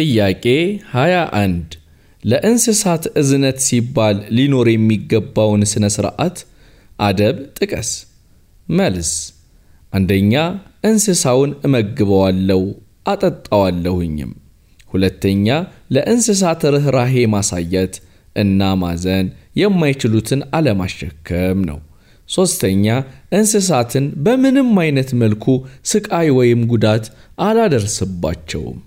ጥያቄ 21 ለእንስሳት እዝነት ሲባል ሊኖር የሚገባውን ስነ ስርዓት አደብ ጥቀስ። መልስ፣ አንደኛ እንስሳውን እመግበዋለሁ አጠጣዋለሁኝም። ሁለተኛ ለእንስሳት ርኅራሄ ማሳየት እና ማዘን፣ የማይችሉትን አለማሸከም ነው። ሦስተኛ እንስሳትን በምንም አይነት መልኩ ስቃይ ወይም ጉዳት አላደርስባቸውም።